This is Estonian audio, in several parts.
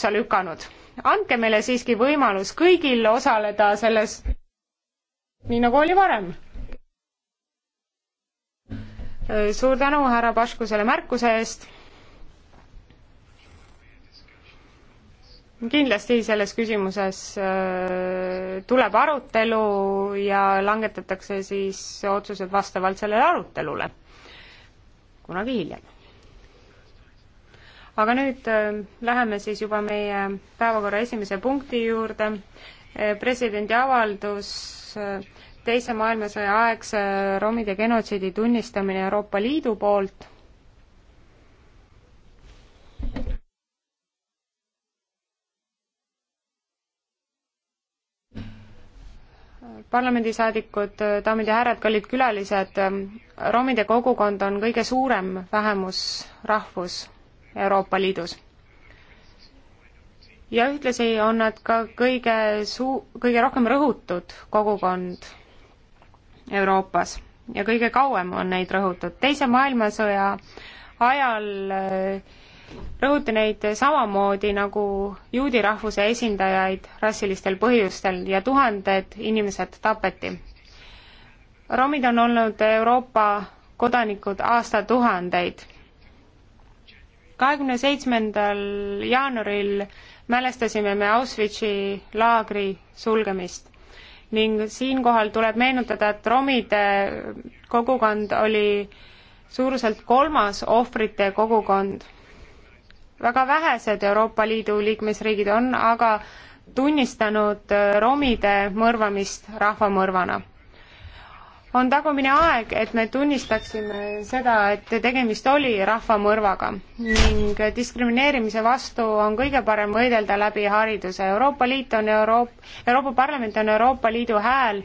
sa lükanud. andke meile siiski võimalus kõigil osaleda selles, nii nagu oli varem. suur tänu härra Pašku selle märkuse eest. kindlasti selles küsimuses äh, tuleb arutelu ja langetatakse siis otsused vastavalt sellele arutelule kunagi hiljem aga nüüd äh, läheme siis juba meie päevakorra esimese punkti juurde. Äh, presidendi avaldus äh, Teise maailmasõja aegse romide genotsiidi tunnistamine Euroopa Liidu poolt. parlamendisaadikud, daamid ja härrad, kallid külalised, romide kogukond on kõige suurem vähemusrahvus Euroopa Liidus. ja ühtlasi on nad ka kõige suu-, kõige rohkem rõhutud kogukond Euroopas ja kõige kauem on neid rõhutud. teise maailmasõja ajal äh, rõhuti neid samamoodi nagu juudi rahvuse esindajaid rassilistel põhjustel ja tuhanded inimesed tapeti. romid on olnud Euroopa kodanikud aastatuhandeid kahekümne seitsmendal jaanuaril mälestasime me Auschwitzi laagri sulgemist ning siinkohal tuleb meenutada, et romide kogukond oli suuruselt kolmas ohvrite kogukond. väga vähesed Euroopa Liidu liikmesriigid on aga tunnistanud romide mõrvamist rahvamõrvana on tagumine aeg, et me tunnistaksime seda, et tegemist oli rahvamõrvaga ning diskrimineerimise vastu on kõige parem võidelda läbi hariduse. Euroopa Liit on Euroop-, Euroopa Parlament on Euroopa Liidu hääl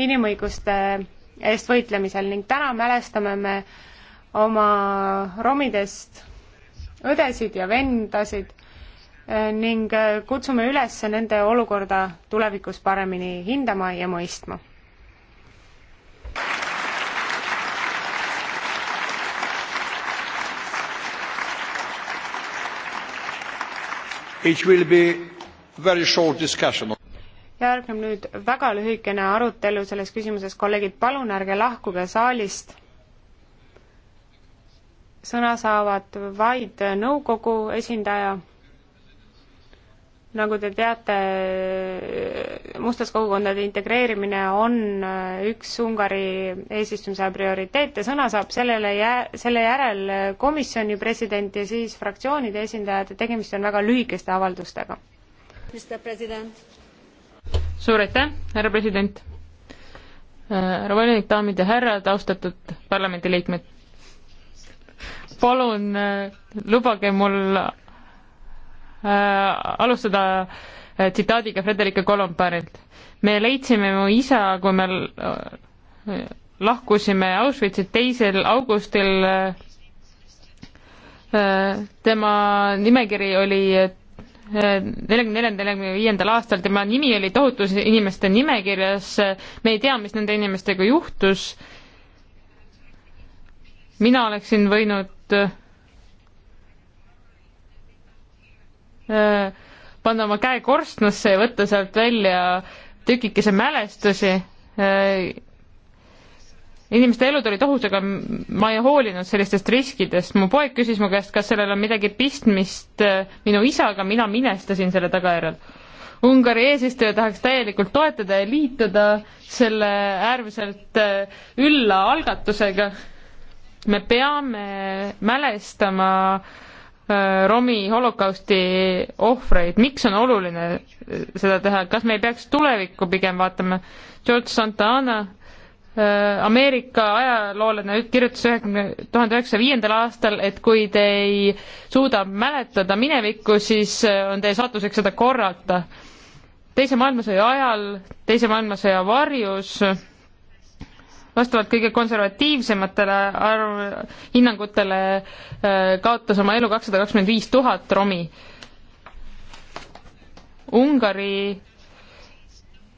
inimõiguste eest võitlemisel ning täna mälestame me oma romidest õdesid ja vendasid eh, ning kutsume üles nende olukorda tulevikus paremini hindama ja mõistma It will be very short discussion. järgneb nüüd väga lühikene arutelu selles küsimuses, kolleegid, palun ärge lahkuge saalist. sõna saavad vaid nõukogu esindaja nagu te teate, mustlaskogukondade integreerimine on äh, üks Ungari eesistumise prioriteete, sõna saab sellele jää-, selle järel komisjoni president ja siis fraktsioonide esindajad ja tegemist on väga lühikeste avaldustega. suur aitäh, härra president! Äh, härra volinik, daamid ja härrad, austatud parlamendiliikmed! palun äh, lubage mul Äh, alustada äh, tsitaadiga Frederica Colombarilt. me leidsime mu isa, kui me äh, lahkusime Auschwitzi teisel augustil. tema nimekiri oli neljakümne neljandal, neljakümne viiendal aastal, tema nimi oli tohutus inimeste nimekirjas, me ei tea, mis nende inimestega juhtus. mina oleksin võinud panna oma käe korstnasse ja võtta sealt välja tükikese mälestusi. inimeste elud olid ohus, aga ma ei hoolinud sellistest riskidest. mu poeg küsis mu käest, kas sellel on midagi pistmist äh, minu isaga, mina minestasin selle tagajärjel. Ungari eesistuja tahaks täielikult toetada ja liituda selle äärmiselt äh, ülla algatusega. me peame mälestama äh, Äh, romi holokausti ohvreid, miks on oluline äh, seda teha, kas me ei peaks tulevikku pigem vaatama? George Santana, äh, Ameerika ajaloolane kirjutas üheksakümne, tuhande üheksasaja viiendal aastal, et kui te ei suuda mäletada minevikku, siis on teie sattuseks seda korrata. teise maailmasõja ajal, teise maailmasõja varjus vastavalt kõige konservatiivsematele arv, hinnangutele äh, kaotas oma elu kakssada kakskümmend viis tuhat romi. Ungari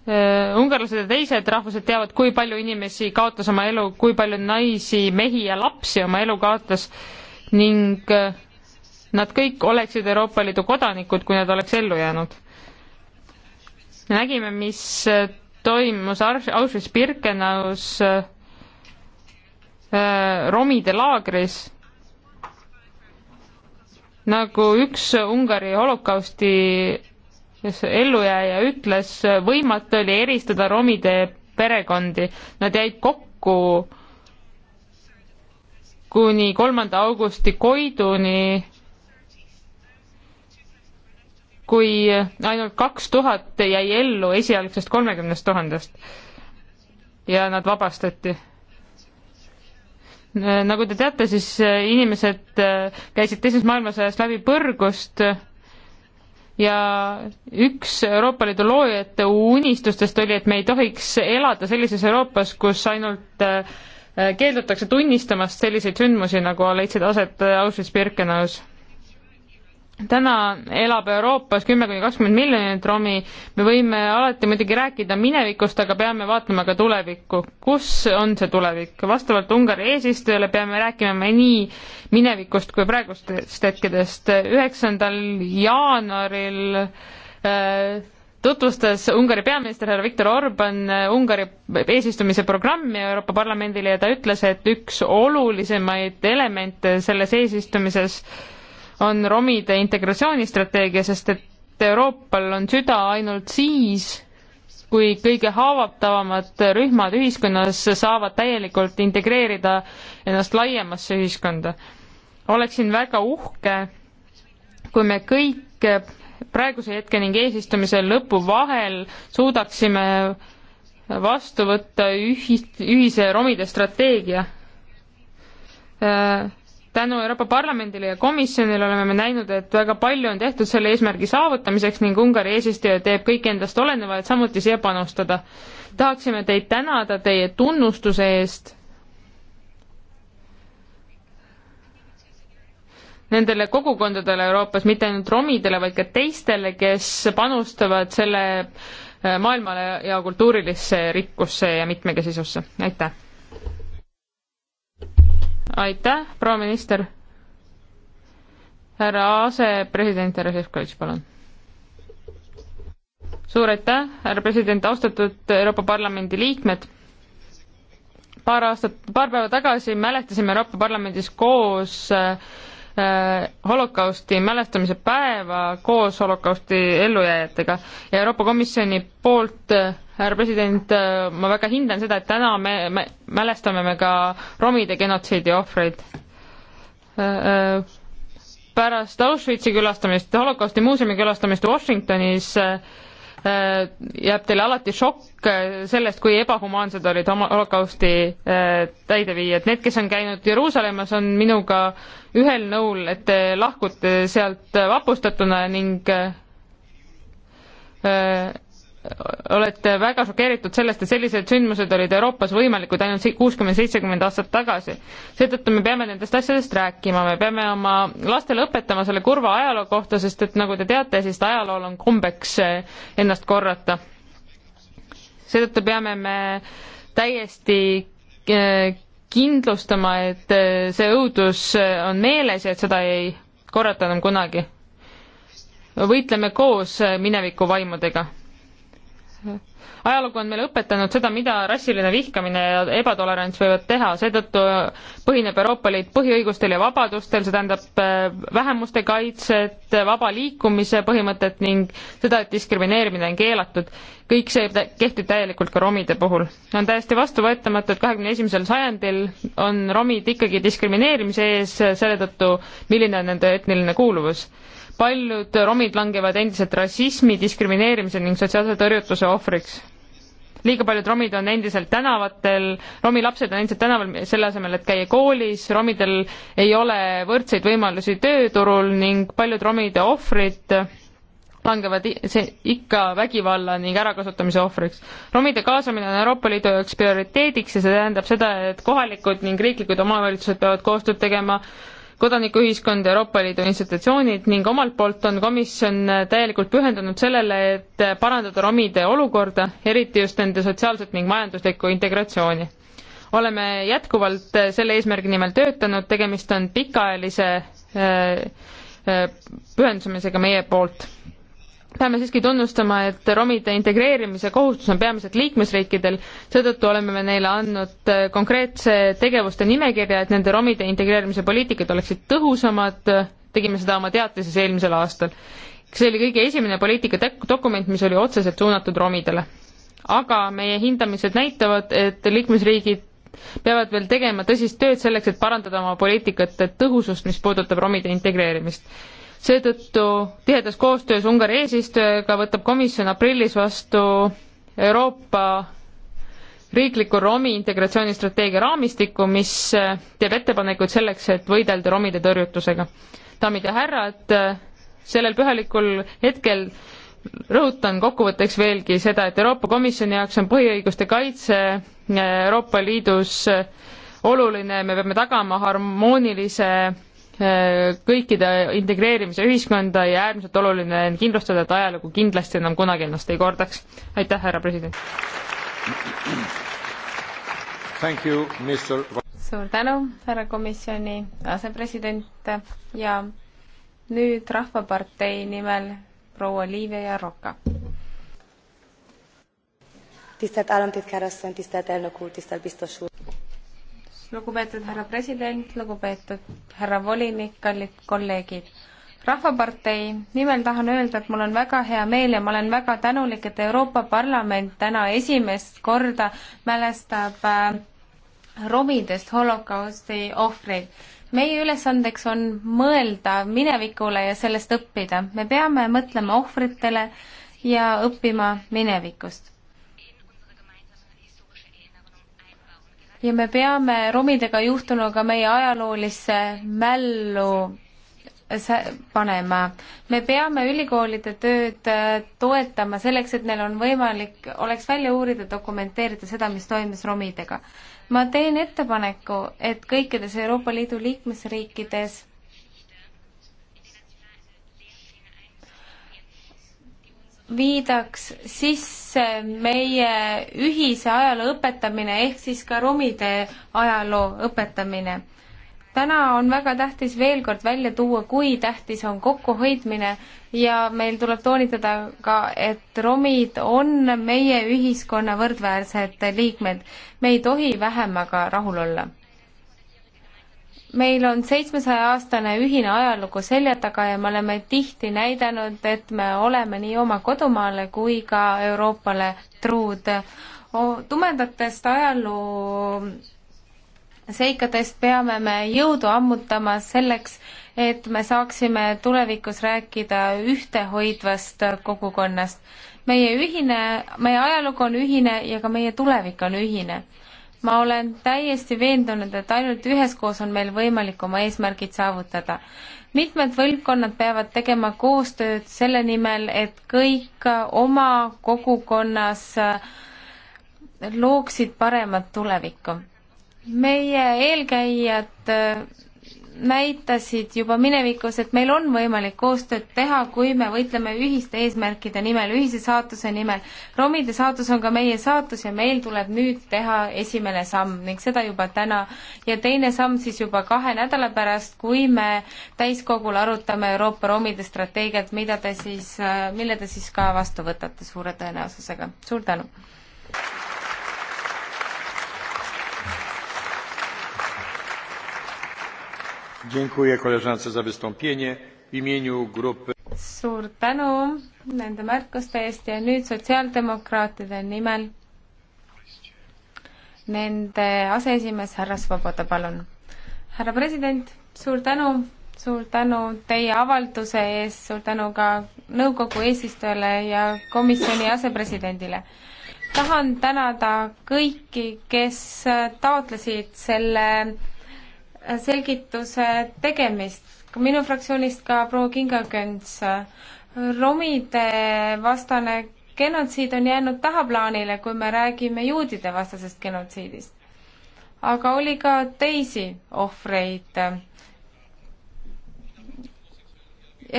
äh, ungarlased ja teised rahvused teavad, kui palju inimesi kaotas oma elu, kui palju naisi, mehi ja lapsi oma elu kaotas ning äh, nad kõik oleksid Euroopa Liidu kodanikud, kui nad oleks ellu jäänud. nägime, mis toimus Auschwitz-Birkenaus äh, romide laagris, nagu üks Ungari holokausti ellujääja ütles, võimatu oli eristada romide perekondi, nad jäid kokku kuni kolmanda augusti Koiduni kui ainult kaks tuhat jäi ellu esialgsest kolmekümnest tuhandest ja nad vabastati. nagu te teate, siis inimesed käisid teisest maailmasõjast läbi põrgust ja üks Euroopa Liidu loojate unistustest oli, et me ei tohiks elada sellises Euroopas, kus ainult eh, keeldutakse tunnistamast selliseid sündmusi, nagu leidsid aset Auschwitz-Birkenaus täna elab Euroopas kümme kuni kakskümmend miljonit romi, me võime alati muidugi rääkida minevikust, aga peame vaatama ka tulevikku. kus on see tulevik? vastavalt Ungari eesistujale peame rääkima me nii minevikust kui praegustest hetkedest. üheksandal jaanuaril äh, tutvustas Ungari peaminister härra Viktor Orban äh, Ungari eesistumise programmi Euroopa Parlamendile ja ta ütles, et üks olulisemaid elemente selles eesistumises äh, on romide integratsioonistrateegia, sest et Euroopal on süda ainult siis, kui kõige haavatavamad rühmad ühiskonnas saavad täielikult integreerida ennast laiemasse ühiskonda. oleksin väga uhke, kui me kõik praeguse hetke ning eesistumise lõpu vahel suudaksime vastu võtta ühi-, ühise romide strateegia äh, tänu Euroopa Parlamendile ja komisjonile oleme me näinud, et väga palju on tehtud selle eesmärgi saavutamiseks ning Ungari eesistuja teeb kõik endast oleneva, et samuti siia panustada. tahaksime teid tänada teie tunnustuse eest nendele kogukondadele Euroopas, mitte ainult romidele, vaid ka teistele, kes panustavad selle äh, maailmale ja kultuurilisse rikkusse ja mitmekesisusse. aitäh! aitäh, proua minister. härra asepresident, härra Šefkovitš, palun. suur aitäh, härra president, austatud Euroopa Parlamendi liikmed. paar aastat, paar päeva tagasi mälestasime Euroopa Parlamendis koos äh, Äh, holokausti mälestamise päeva koos holokausti ellujääjatega ja Euroopa Komisjoni poolt äh, härra president, äh, ma väga hindan seda, et täna me, me mälestame me ka romide genotsiidi ohvreid. pärast Auschwitzi külastamist, holokausti muuseumi külastamist Washingtonis äh, Äh, jääb teile alati šokk äh, sellest, kui ebahumaansed olid holokausti äh, täideviijad. Need, kes on käinud Jeruusalemmas, on minuga ühel nõul, et te lahkute sealt vapustatuna ning olete väga šokeeritud sellest, et sellised sündmused olid Euroopas võimalikud ainult kuuskümmend, seitsekümmend aastat tagasi. seetõttu me peame nendest asjadest rääkima, me peame oma lastele õpetama selle kurva ajaloo kohta, sest et nagu te teate, siis ajalool on kombeks eh, ennast korrata. seetõttu peame me täiesti eh, kindlustama, et eh, see õudus on meeles ja et seda ei korrata enam kunagi. võitleme koos mineviku vaimudega ajalugu on meile õpetanud seda, mida rassiline vihkamine ja ebatolerants võivad teha, seetõttu põhineb Euroopa Liit põhiõigustel ja vabadustel, see tähendab äh, vähemuste kaitset, vaba liikumise põhimõtet ning seda, et diskrimineerimine on keelatud. kõik see kehtib täielikult ka romide puhul. on täiesti vastuvõetamatu, et kahekümne esimesel sajandil on romid ikkagi diskrimineerimise ees selle tõttu, milline on nende etniline kuuluvus paljud romid langevad endiselt rassismi, diskrimineerimise ning sotsiaalse tõrjutuse ohvriks. liiga paljud romid on endiselt tänavatel, romi lapsed on endiselt tänaval selle asemel, et käia koolis, romidel ei ole võrdseid võimalusi tööturul ning paljud romide ohvrid langevad ikka vägivalla ning ärakasutamise ohvriks. romide kaasamine on Euroopa Liidu jaoks prioriteediks ja see tähendab seda, et kohalikud ning riiklikud omavalitsused peavad koostööd tegema kodanikuühiskond, Euroopa Liidu institutsioonid ning omalt poolt on komisjon täielikult pühendunud sellele, et parandada romide olukorda, eriti just nende sotsiaalset ning majanduslikku integratsiooni. oleme jätkuvalt selle eesmärgi nimel töötanud, tegemist on pikaajalise äh, äh, pühendumisega meie poolt peame siiski tunnustama, et romide integreerimise kohustus on peamiselt liikmesriikidel, seetõttu oleme me neile andnud äh, konkreetse tegevuste nimekirja, et nende romide integreerimise poliitikad oleksid tõhusamad, tegime seda oma teatises eelmisel aastal. see oli kõige esimene poliitika dokument, mis oli otseselt suunatud romidele. aga meie hindamised näitavad, et liikmesriigid peavad veel tegema tõsist tööd selleks, et parandada oma poliitikate tõhusust, mis puudutab romide integreerimist seetõttu tihedas koostöös Ungari eesistujaga võtab komisjon aprillis vastu Euroopa riikliku romi integratsioonistrateegia raamistiku, mis teeb ettepanekuid selleks, et võidelda romide tõrjutusega. daamid ja härrad, sellel pühalikul hetkel rõhutan kokkuvõtteks veelgi seda, et Euroopa Komisjoni jaoks on põhiõiguste kaitse Euroopa Liidus oluline, me peame tagama harmoonilise kõikide integreerimise ühiskonda ja äärmiselt oluline on kindlustada, et ajalugu kindlasti enam kunagi ennast ei kordaks. aitäh, härra president! suur tänu, härra komisjoni asepresident ja nüüd Rahvapartei nimel proua Liivia Jaroka. tisztelt államtitkár asszony, tisztelt elnök úr, tisztelt biztos úr! lugupeetud härra president, lugupeetud härra volinik, kallid kolleegid. rahvapartei nimel tahan öelda, et mul on väga hea meel ja ma olen väga tänulik, et Euroopa Parlament täna esimest korda mälestab äh, romidest holokausti ohvreid meie ülesandeks on mõelda minevikule ja sellest õppida. me peame mõtlema ohvritele ja õppima minevikust. ja me peame romidega juhtunuga meie ajaloolisse mällu panema. me peame ülikoolide tööd äh, toetama selleks, et neil on võimalik, oleks välja uurida, dokumenteerida seda, mis toimus romidega. ma teen ettepaneku, et kõikides Euroopa Liidu liikmesriikides viidaks sisse meie ühise ajaloo õpetamine ehk siis ka romide ajaloo õpetamine. täna on väga tähtis veel kord välja tuua, kui tähtis on kokkuhoidmine ja meil tuleb toonitada ka, et romid on meie ühiskonna võrdväärsed liikmed. me ei tohi vähemaga rahul olla meil on seitsmesaja aastane ühine ajalugu selja taga ja me oleme tihti näidanud, et me oleme nii oma kodumaale kui ka Euroopale truud. tumedatest ajaloo seikadest peame me jõudu ammutama selleks, et me saaksime tulevikus rääkida ühtehoidvast kogukonnast. meie ühine, meie ajalugu on ühine ja ka meie tulevik on ühine ma olen täiesti veendunud, et ainult üheskoos on meil võimalik oma eesmärgid saavutada. mitmed võlgkonnad peavad tegema koostööd selle nimel, et kõik oma kogukonnas looksid paremat tulevikku. meie eelkäijad näitasid juba minevikus, et meil on võimalik koostööd teha, kui me võitleme ühiste eesmärkide nimel, ühise saatuse nimel. romide saatus on ka meie saatus ja meil tuleb nüüd teha esimene samm ning seda juba täna. ja teine samm siis juba kahe nädala pärast, kui me täiskogul arutame Euroopa romide strateegiat, mida te siis, äh, mille te siis ka vastu võtate suure tõenäosusega. suur tänu! suur tänu nende märkuste eest ja nüüd sotsiaaldemokraatide nimel nende aseesimees härra Svoboda, palun. härra president, suur tänu, suur tänu teie avalduse eest, suur tänu ka nõukogu eesistujale ja komisjoni asepresidendile. tahan tänada kõiki, kes taotlesid selle selgituse tegemist. minu fraktsioonist ka proua Kinga Köns. romide vastane genotsiid on jäänud tahaplaanile, kui me räägime juudide vastasest genotsiidist. aga oli ka teisi ohvreid,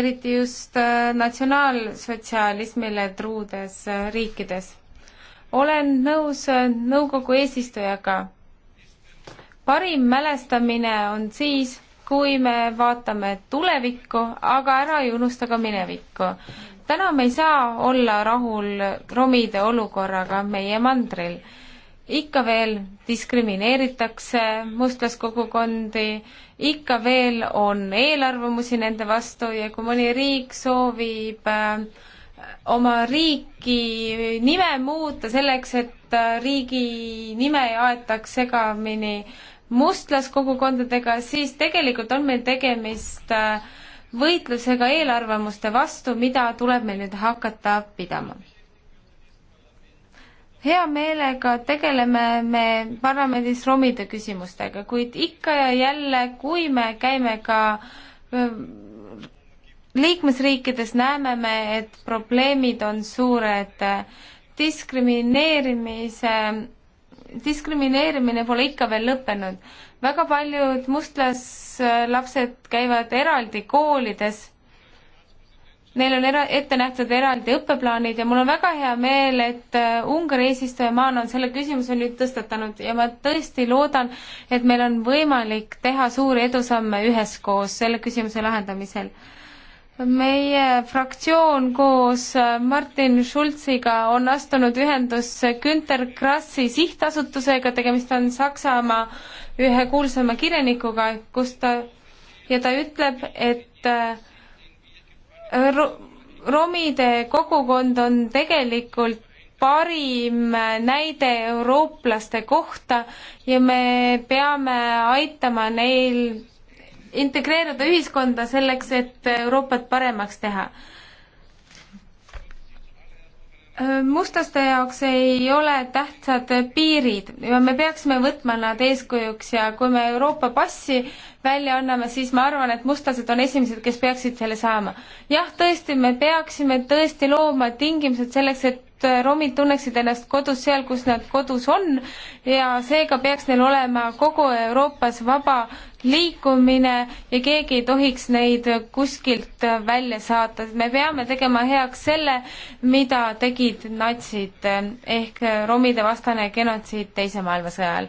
eriti just äh, natsionaalsotsialismile truudes äh, riikides. olen nõus äh, nõukogu eesistujaga parim mälestamine on siis, kui me vaatame tulevikku, aga ära ei unusta ka minevikku. täna me ei saa olla rahul romide olukorraga meie mandril. ikka veel diskrimineeritakse mustlaskogukondi, ikka veel on eelarvamusi nende vastu ja kui mõni riik soovib äh, oma riiki nime muuta selleks, et äh, riigi nime aetaks segamini äh, mustlaskogukondadega, siis tegelikult on meil tegemist äh, võitlusega eelarvamuste vastu, mida tuleb meil nüüd hakata pidama. hea meelega tegeleme me parlamendis romide küsimustega, kuid ikka ja jälle, kui me käime ka äh, liikmesriikides, näeme me, et probleemid on suured diskrimineerimise diskrimineerimine pole ikka veel lõppenud. väga paljud mustlaslapsed käivad eraldi koolides. Neil on era-, ette nähtud eraldi õppeplaanid ja mul on väga hea meel, et äh, Ungari eesistujamaana on selle küsimuse nüüd tõstatanud ja ma tõesti loodan, et meil on võimalik teha suuri edusamme üheskoos selle küsimuse lahendamisel meie fraktsioon koos äh, Martin Schulziga on astunud ühendusse Günter Krassi sihtasutusega, tegemist on Saksamaa ühe kuulsama kirjanikuga, kus ta ja ta ütleb, et äh, ro, romide kogukond on tegelikult parim näide eurooplaste kohta ja me peame aitama neil integreeruda ühiskonda selleks, et Euroopat paremaks teha. mustaste jaoks ei ole tähtsad piirid ja me peaksime võtma nad eeskujuks ja kui me Euroopa passi välja anname, siis ma arvan, et mustlased on esimesed, kes peaksid selle saama. jah, tõesti, me peaksime tõesti looma tingimused selleks, et et äh, romid tunneksid ennast kodus seal, kus nad kodus on ja seega peaks neil olema kogu Euroopas vaba liikumine ja keegi ei tohiks neid kuskilt äh, välja saata. me peame tegema heaks selle, mida tegid natsid äh, ehk romide vastane genotsiid Teise maailmasõja ajal.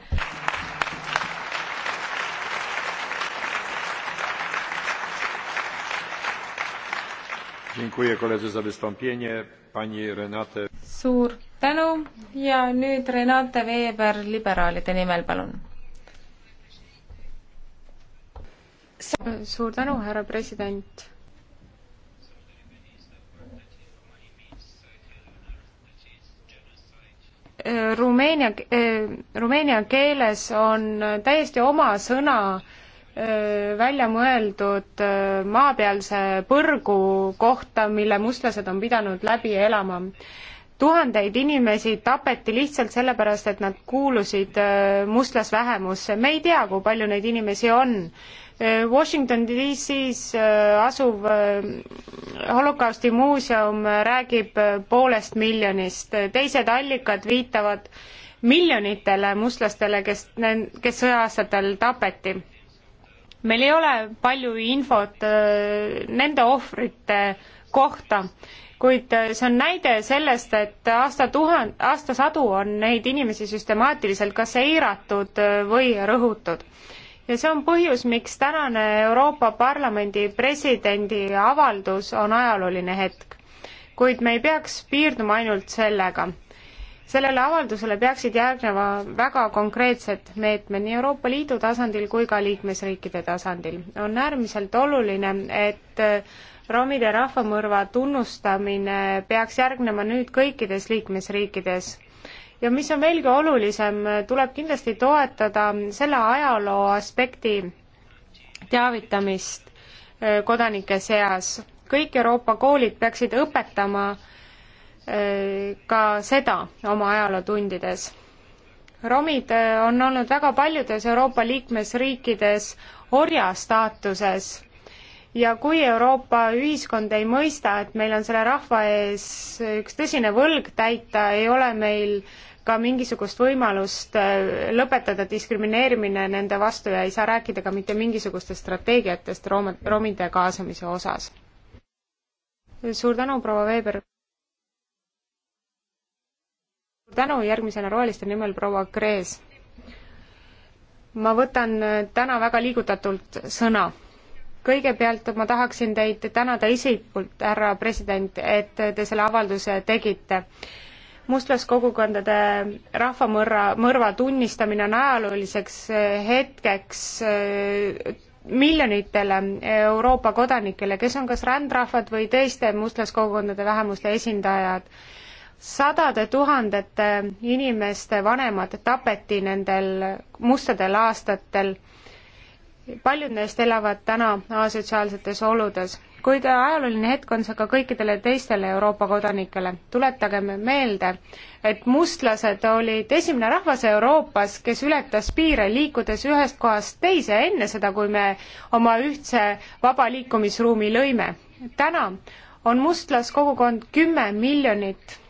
dziękuję koledze za wystąpienie. Renate... suur tänu ja nüüd Renate Veeber liberaalide nimel, palun. suur tänu, härra president rumeenia, eh, rumeenia keeles on täiesti oma sõna välja mõeldud maapealse põrgu kohta, mille mustlased on pidanud läbi elama. tuhandeid inimesi tapeti lihtsalt sellepärast, et nad kuulusid mustlasvähemusse. me ei tea, kui palju neid inimesi on Washington DC-s asuv holokausti muuseum räägib poolest miljonist, teised allikad viitavad miljonitele mustlastele, kes, kes sõja-aastatel tapeti meil ei ole palju infot äh, nende ohvrite kohta, kuid äh, see on näide sellest, et aastatuhand, aastasadu on neid inimesi süstemaatiliselt kas eiratud äh, või rõhutud ja see on põhjus, miks tänane Euroopa Parlamendi presidendi avaldus on ajalooline hetk. kuid me ei peaks piirduma ainult sellega sellele avaldusele peaksid järgnema väga konkreetsed meetmed nii Euroopa Liidu tasandil kui ka liikmesriikide tasandil. on äärmiselt oluline, et äh, romide rahvamõrva tunnustamine peaks järgnema nüüd kõikides liikmesriikides. ja mis on veelgi olulisem, tuleb kindlasti toetada selle ajaloo aspekti teavitamist äh, kodanike seas. kõik Euroopa koolid peaksid õpetama äh, Äh, ka seda oma ajalootundides. romid äh, on olnud väga paljudes Euroopa liikmesriikides orja staatuses ja kui Euroopa ühiskond ei mõista, et meil on selle rahva ees üks tõsine võlg täita, ei ole meil ka mingisugust võimalust äh, lõpetada diskrimineerimine nende vastu ja ei saa rääkida ka mitte mingisugustest strateegiatest room-, romide kaasamise osas. suur tänu, proua Veeber! tänu, järgmisena Roheliste nimel proua Krees. ma võtan täna väga liigutatult sõna. kõigepealt ma tahaksin teid tänada isiklikult, härra president, et te selle avalduse tegite mustlaskogukondade rahvamõrra, mõrva tunnistamine on ajalooliseks hetkeks äh, miljonitele Euroopa kodanikele, kes on kas rändrahvad või teiste mustlaskogukondade vähemuste esindajad sadade tuhandete inimeste vanemad tapeti nendel mustadel aastatel. paljud neist elavad täna asotsiaalsetes oludes, kuid ajalooline hetk on see ka kõikidele teistele Euroopa kodanikele. tuletagem meelde, et mustlased olid esimene rahvas Euroopas, kes ületas piire, liikudes ühest kohast teise, enne seda, kui me oma ühtse vaba liikumisruumi lõime. täna on mustlaskogukond kümme miljonit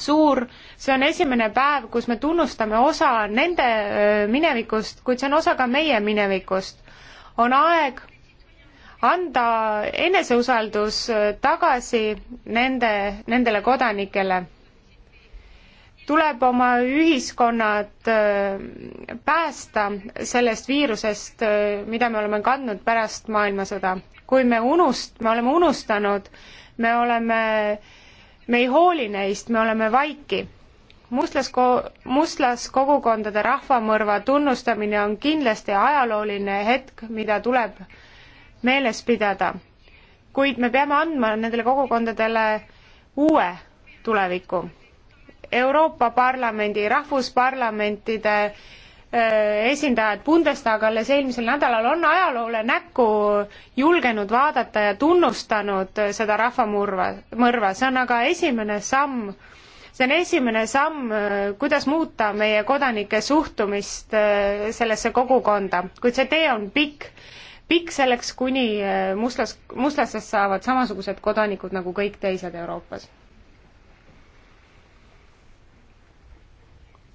suur, see on esimene päev, kus me tunnustame osa nende minevikust, kuid see on osa ka meie minevikust. on aeg anda eneseusaldus tagasi nende, nendele kodanikele. tuleb oma ühiskonnad päästa sellest viirusest, mida me oleme kandnud pärast maailmasõda. kui me unust-, me oleme unustanud, me oleme äh, me ei hooli neist, me oleme vaiki. mustlasko-, muslaskogukondade rahvamõrva tunnustamine on kindlasti ajalooline hetk, mida tuleb meeles pidada. kuid me peame andma nendele kogukondadele uue tuleviku. Euroopa Parlamendi, rahvusparlamentide Äh, esindajad Bundestag alles eelmisel nädalal on ajaloole näkku julgenud vaadata ja tunnustanud seda rahvamurva, mõrva, see on aga esimene samm, see on esimene samm, äh, kuidas muuta meie kodanike suhtumist äh, sellesse kogukonda, kuid see tee on pikk, pikk selleks, kuni mustlas, mustlastest saavad samasugused kodanikud nagu kõik teised Euroopas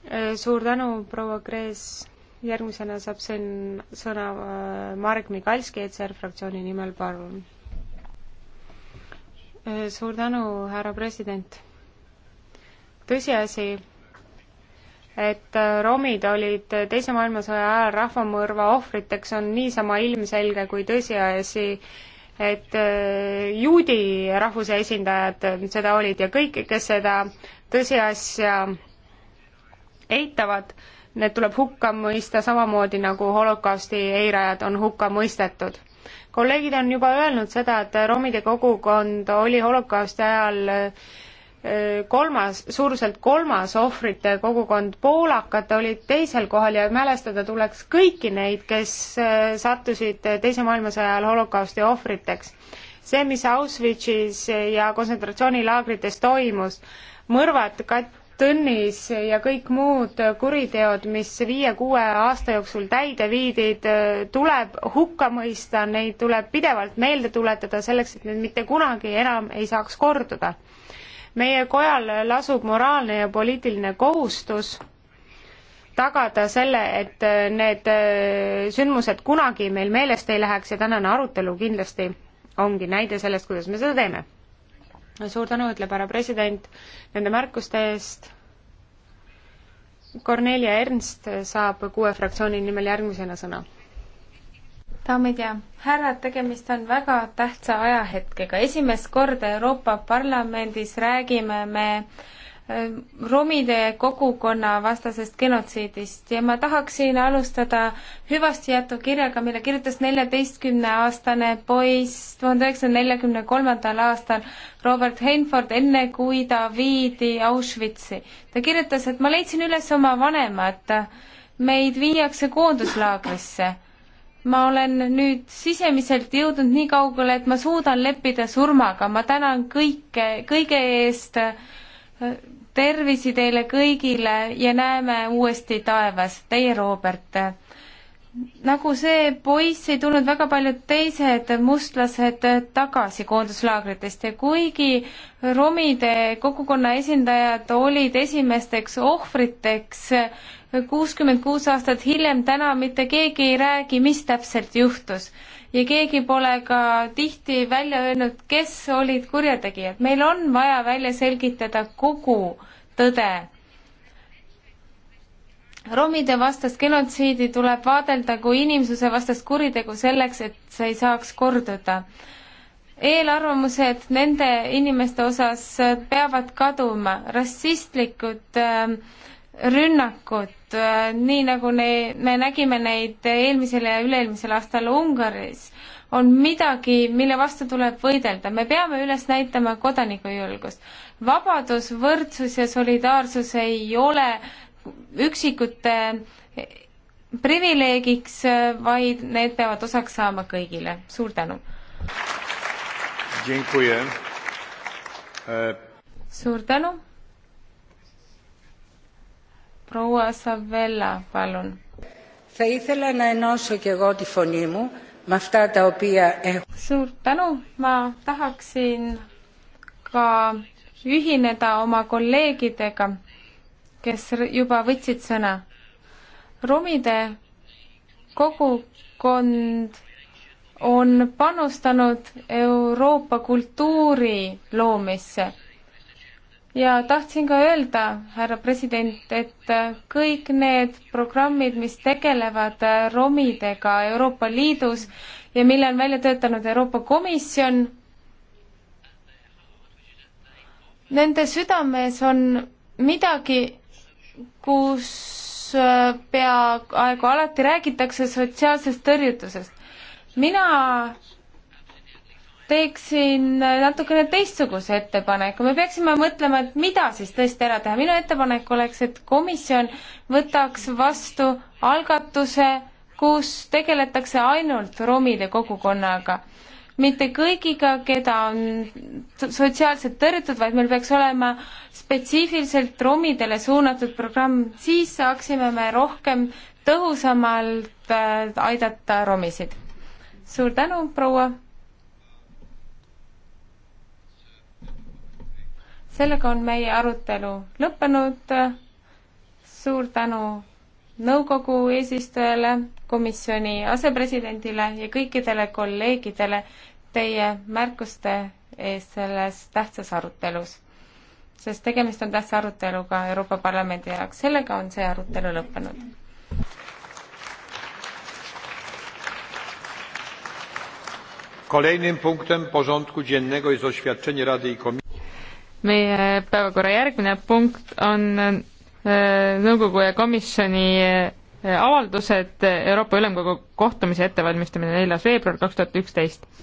Äh, suur tänu, proua Krees. järgmisena saab sõn-, sõna äh, Marek Mikalski ECR fraktsiooni nimel, palun. Äh, suur tänu, härra president. tõsiasi, et romid olid Teise maailmasõja ajal rahvamõrva ohvriteks, on niisama ilmselge kui tõsiasi, et juudi rahvuse esindajad seda olid ja kõik, kes seda tõsiasja eitavad, need tuleb hukka mõista samamoodi, nagu holokausti eirajad on hukka mõistetud. kolleegid on juba öelnud seda, et romide kogukond oli holokausti ajal kolmas, suuruselt kolmas ohvrite kogukond, poolakad olid teisel kohal ja mälestada tuleks kõiki neid, kes sattusid Teise maailmasõja ajal holokausti ohvriteks. see, mis Auschwitzis ja kontsentratsioonilaagrites toimus, mõrvad kat-, Tõnnis ja kõik muud kuriteod, mis viie-kuue aasta jooksul täide viidid, tuleb hukka mõista, neid tuleb pidevalt meelde tuletada selleks, et need mitte kunagi enam ei saaks korduda. meie kojal lasub moraalne ja poliitiline kohustus tagada selle, et need sündmused kunagi meil meelest ei läheks ja tänane arutelu kindlasti ongi näide sellest, kuidas me seda teeme suur tänu, ütleb härra president, nende märkuste eest. Kornelia Ernst saab kuue fraktsiooni nimel järgmisena sõna. daamid ja härrad, tegemist on väga tähtsa ajahetkega. esimest korda Euroopa Parlamendis räägime me äh, Äh, romide kogukonna vastasest genotsiidist ja ma tahaksin alustada hüvasti jätva kirjaga, mille kirjutas neljateistkümneaastane poiss tuhande üheksasaja neljakümne kolmandal aastal Robert Heinford, enne kui ta viidi Auschwitzi. ta kirjutas, et ma leidsin üles oma vanemad, meid viiakse koonduslaagrisse ma olen nüüd sisemiselt jõudnud nii kaugele, et ma suudan leppida surmaga, ma tänan kõike, kõige eest äh, tervisi teile kõigile ja näeme uuesti taevas, teie Robert. nagu see poiss, ei tulnud väga paljud teised mustlased tagasi koonduslaagritest ja kuigi romide kogukonna esindajad olid esimesteks ohvriteks, kuuskümmend kuus aastat hiljem täna mitte keegi ei räägi, mis täpselt juhtus ja keegi pole ka tihti välja öelnud, kes olid kurjategijad. meil on vaja välja selgitada kogu tõde. romide vastast genotsiidi tuleb vaadelda kui inimsuse vastast kuritegu selleks, et see ei saaks korduda eelarvamused nende inimeste osas peavad kaduma, rassistlikud äh, rünnakut, äh, nii nagu ne-, me nägime neid eelmisel ja üle-eelmisel aastal Ungaris, on midagi, mille vastu tuleb võidelda. me peame üles näitama kodanikujulgust. vabadus, võrdsus ja solidaarsus ei ole üksikute privileegiks, vaid need peavad osaks saama kõigile. suur tänu! E, suur tänu! proua Savella, palun. suur tänu, ma tahaksin ka ühineda oma kolleegidega, kes juba võtsid sõna. romide kogukond on panustanud Euroopa kultuuri loomisse ja tahtsin ka öelda, härra president, et äh, kõik need programmid, mis tegelevad äh, romidega Euroopa Liidus ja mille on välja töötanud Euroopa Komisjon, nende südames on midagi, kus äh, peaaegu alati räägitakse sotsiaalsest tõrjutusest. mina teeksin natukene teistsuguse ettepaneku, me peaksime mõtlema, et mida siis tõesti ära teha, minu ettepanek oleks, et komisjon võtaks vastu algatuse, kus tegeletakse ainult romide kogukonnaga. mitte kõigiga, keda on sotsiaalselt tõrjutud, vaid meil peaks olema spetsiifiliselt romidele suunatud programm, siis saaksime me rohkem tõhusamalt äh, aidata romisid. suur tänu, proua sellega on meie arutelu lõppenud. suur tänu nõukogu eesistujale, komisjoni asepresidendile ja kõikidele kolleegidele teie märkuste eest selles tähtsas arutelus, sest tegemist on tähtsa aruteluga Euroopa Parlamendi jaoks. sellega on see arutelu lõppenud. Kolejnym punktem porządku dziennego jest oświadczenie Rady i Komisji meie päevakorra järgmine punkt on äh, nõukogu ja komisjoni äh, avaldused Euroopa Ülemkogu kohtumise ettevalmistamine neljas veebruar kaks tuhat üksteist.